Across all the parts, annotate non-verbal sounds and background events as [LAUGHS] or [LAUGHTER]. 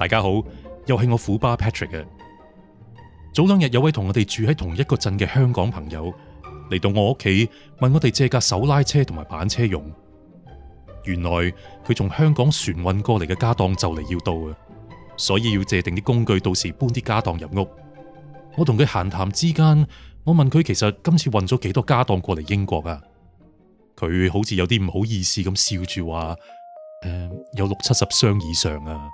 大家好，又係我虎巴 Patrick。早兩日有位同我哋住喺同一個鎮嘅香港朋友嚟到我屋企，問我哋借架手拉車同埋板車用。原來佢從香港船運過嚟嘅家當就嚟要到啊，所以要借定啲工具，到時搬啲家當入屋。我同佢閒談之間，我問佢其實今次運咗幾多家當過嚟英國啊？佢好似有啲唔好意思咁笑住話：誒，呃，有六七十箱以上啊！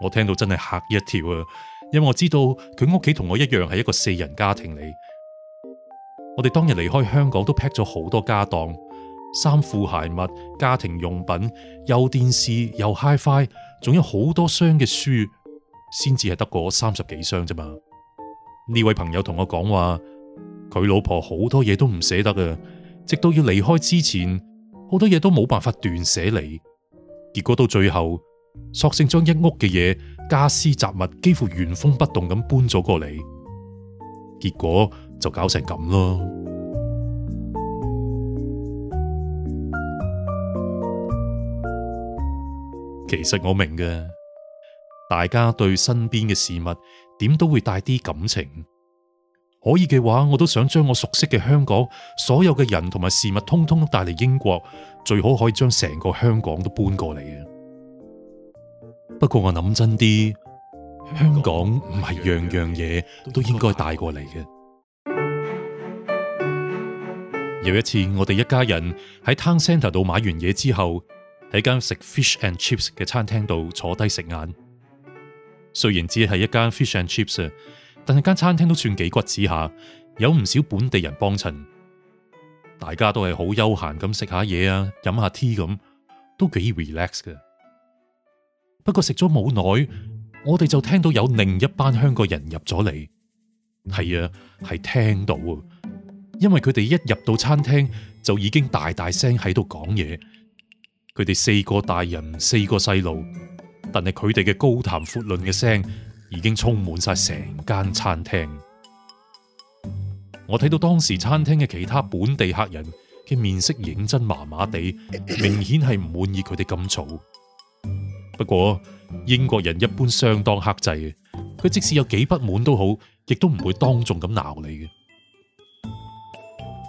我聽到真係嚇一跳啊！因為我知道佢屋企同我一樣係一個四人家庭嚟。我哋當日離開香港都劈咗好多家當、衫褲鞋襪、家庭用品，又電視又 HiFi，仲有好多箱嘅書，先至係得嗰三十幾箱啫嘛。呢位朋友同我講話，佢老婆好多嘢都唔捨得啊，直到要離開之前，好多嘢都冇辦法斷捨離，結果到最後，索性將一屋嘅嘢、家私雜物幾乎原封不動咁搬咗過嚟，結果就搞成咁咯。其實我明嘅，大家對身邊嘅事物點都會帶啲感情。可以嘅話，我都想將我熟悉嘅香港所有嘅人同埋事物，通通都帶嚟英國，最好可以將成個香港都搬過嚟。不過我諗真啲，香港唔係樣樣嘢都應該帶過嚟嘅。 [MUSIC] 有一次，我哋一家人喺 town centre 度買完嘢之後，喺間食 fish and chips 嘅餐廳度坐低食晏。雖然只係一間 fish and chips 啊，但係間餐廳都算幾骨子下，有唔少本地人幫襯。大家都係好悠閒咁食下嘢啊，飲下 tea 咁，都幾 relax 㗎。不過食咗冇耐，我哋就聽到有另一班香港人入咗嚟。係啊，係聽到，因為佢哋一入到餐廳就已經大大聲喺度講嘢。佢哋四個大人、四個細路，但係佢哋嘅高談闊論嘅聲已經充滿晒成間餐廳。我睇到當時餐廳嘅其他本地客人嘅面色認真麻麻地，明顯係唔滿意佢哋咁嘈。不過英國人一般相當克制，佢即使有幾不滿都好，亦都唔會當眾咁鬧你嘅。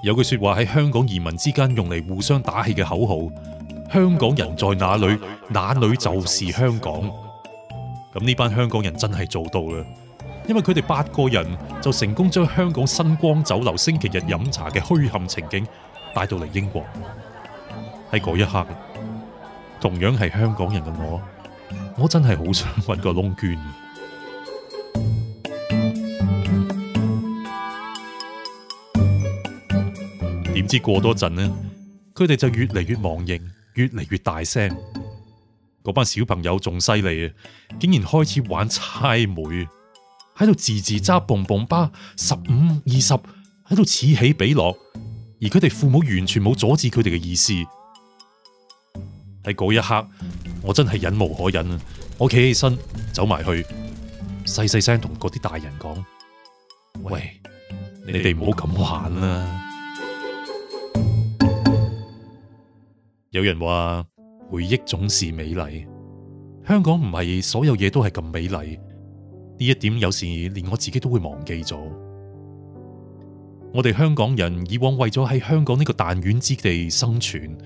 有句說話喺香港移民之間用嚟互相打氣嘅口號，香港人在哪裏，哪裏就是香港。咁呢班香港人真係做到啦，因為佢哋八個人就成功將香港新光酒樓星期日飲茶嘅虛陷情景帶到嚟英國。喺嗰一刻，同樣係香港人嘅我。我真係好想揾個窿捐。點知過多陣呢佢哋就越嚟越忘形，越嚟越大聲。嗰班小朋友仲犀利啊，竟然開始玩猜枚，喺度字字揸蹦蹦巴，十五二十，喺度此起彼落，而佢哋父母完全冇阻止佢哋嘅意思。喺嗰一刻，我真係忍無可忍，我企起身走埋去，細細聲同嗰啲大人講：喂，你哋唔好咁玩啦！有人話回憶總是美麗，香港唔係所有嘢都係咁美麗，呢一點有時連我自己都會忘記咗。我哋香港人以往為咗喺香港呢個彈丸之地生存。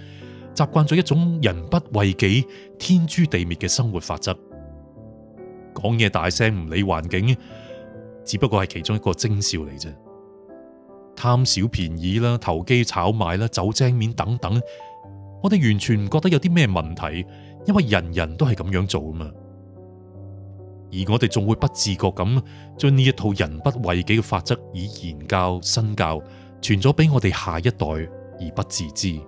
習慣咗一種人不為己，天誅地滅嘅生活法則，講嘢大聲唔理環境，只不過係其中一個徵兆嚟啫。貪小便宜啦，投機炒賣啦，走精面等等，我哋完全唔覺得有啲咩問題，因為人人都係咁樣做啊嘛。而我哋仲會不自覺咁將呢一套人不為己嘅法則以言教身教傳咗俾我哋下一代而不自知。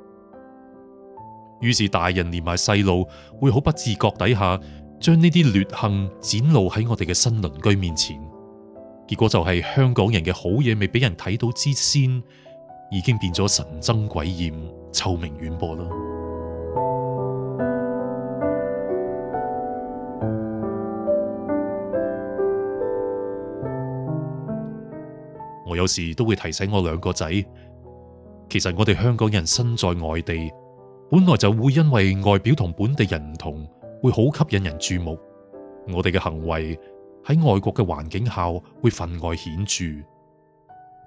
於是大人連埋細路，會好不自覺底下將呢啲劣行展露喺我哋嘅新鄰居面前，結果就係香港人嘅好嘢，未俾人睇到之先，已經變咗神憎鬼厭、臭名遠播啦。我有時都會提醒我兩個仔，其實我哋香港人身在外地。本來就會因為外表同本地人唔同，會好吸引人注目。我哋嘅行為喺外國嘅環境下會分外顯著，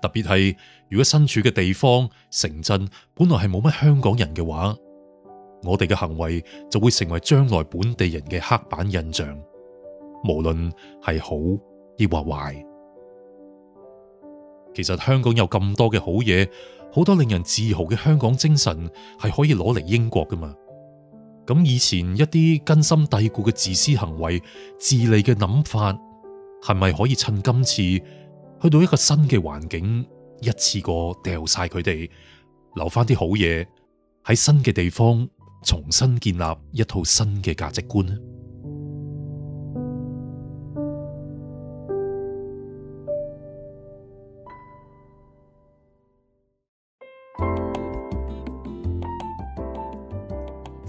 特別係如果身處嘅地方、城鎮本來係冇乜香港人嘅話，我哋嘅行為就會成為將來本地人嘅黑板印象，無論係好抑或壞。其實香港有咁多嘅好嘢，好多令人自豪嘅香港精神係可以攞嚟英國㗎嘛。咁以前一啲根深蒂固嘅自私行為、自利嘅諗法，係咪可以趁今次去到一個新嘅環境，一次過掉晒佢哋，留返啲好嘢喺新嘅地方，重新建立一套新嘅價值觀呢？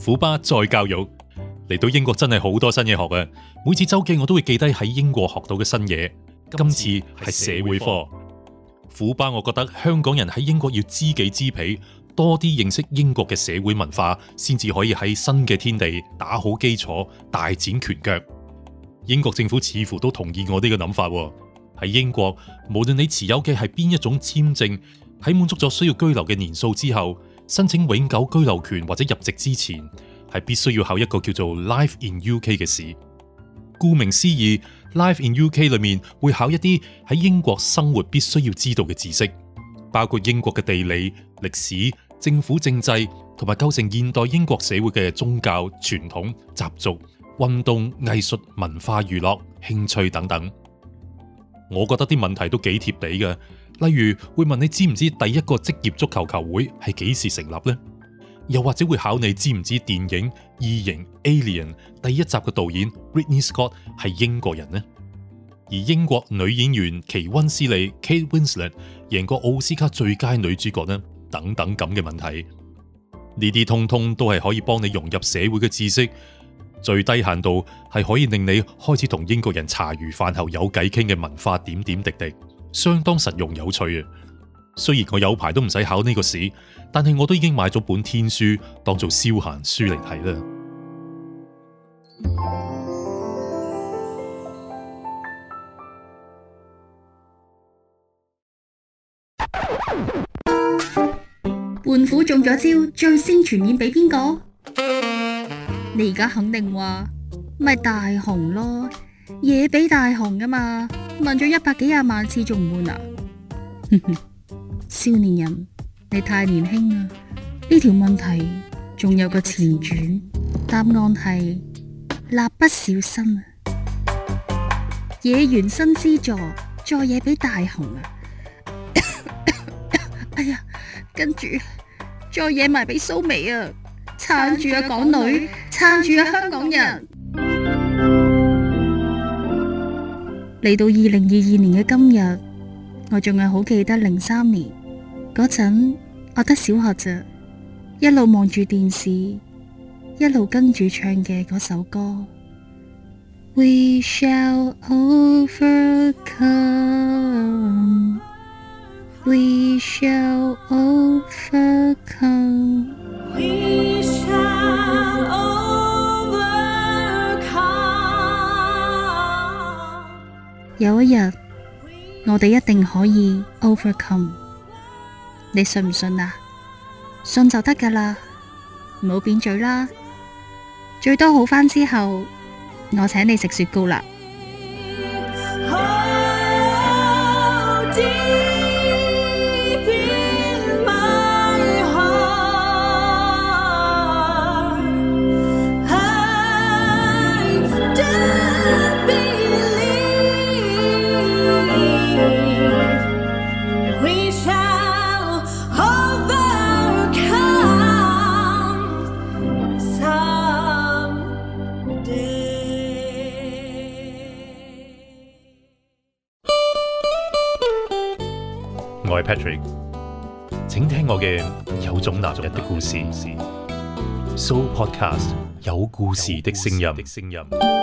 虎巴再教育嚟到英國真係好多新嘢學啊！每次周記我都會記低喺英國學到嘅新嘢。今次係社會科，虎巴我覺得香港人喺英國要知己知彼，多啲認識英國嘅社會文化，先至可以喺新嘅天地打好基礎，大展拳腳。英國政府似乎都同意我呢個諗法喎啊。喺英國，無論你持有嘅係邊一種簽證，喺滿足咗需要居留嘅年數之後。申請永久居留權或者入籍之前，係必須要考一個叫做 Life in UK 嘅試。顧名思義，Life in UK 裏面會考一啲喺英國生活必須要知道嘅知識，包括英國嘅地理、歷史、政府政制，同埋構成現代英國社會嘅宗教、傳統、習俗、運動、藝術、文化、娛樂、興趣等等。我覺得啲問題都幾貼地嘅，例如會問你知唔知第一個職業足球球會係幾時成立呢？又或者會考你知唔知電影《異形》Alien 第一集嘅導演 Ridley Scott 係英國人呢？而英國女演員奇温斯利 Kate Winslet 贏過奧斯卡最佳女主角呢？等等咁嘅問題，呢啲通通都係可以幫你融入社會嘅知識。最低限度係可以令你開始同英國人茶餘飯後有偈傾嘅文化點點滴滴，相當實用有趣啊！雖然我有排都唔使考呢個試，但係我都已經買咗本天書當做消閒書嚟睇啦。胖虎中咗招，最先傳染俾邊個？你而家肯定話咪、就是、大雄咯，野俾大雄噶嘛？問咗一百幾廿萬次仲唔悶啊？ [LAUGHS] 少年人，你太年輕啦！呢條問題仲有個前傳，答轉案係蠟筆小新啊！野原新之助，再野俾大雄啊！ [LAUGHS] 哎呀，跟住再野埋俾蘇眉啊！撐住啊，港女！撐住啊，香港人！嚟到二零二二年嘅今日，我仲係好記得零三年嗰陣，那我得小學啫，一路望住電視，一路跟住唱嘅嗰首歌。We shall overcome. We shall overcome. 有一日，我哋一定可以 overcome，你信唔信啊？信就得噶啦，唔好扁嘴啦，最多好返之後，我請你食雪糕啦。 [MUSIC] Patrick，請聽我嘅有種男人的故事,的故事，So Podcast 有故事的聲音的聲音。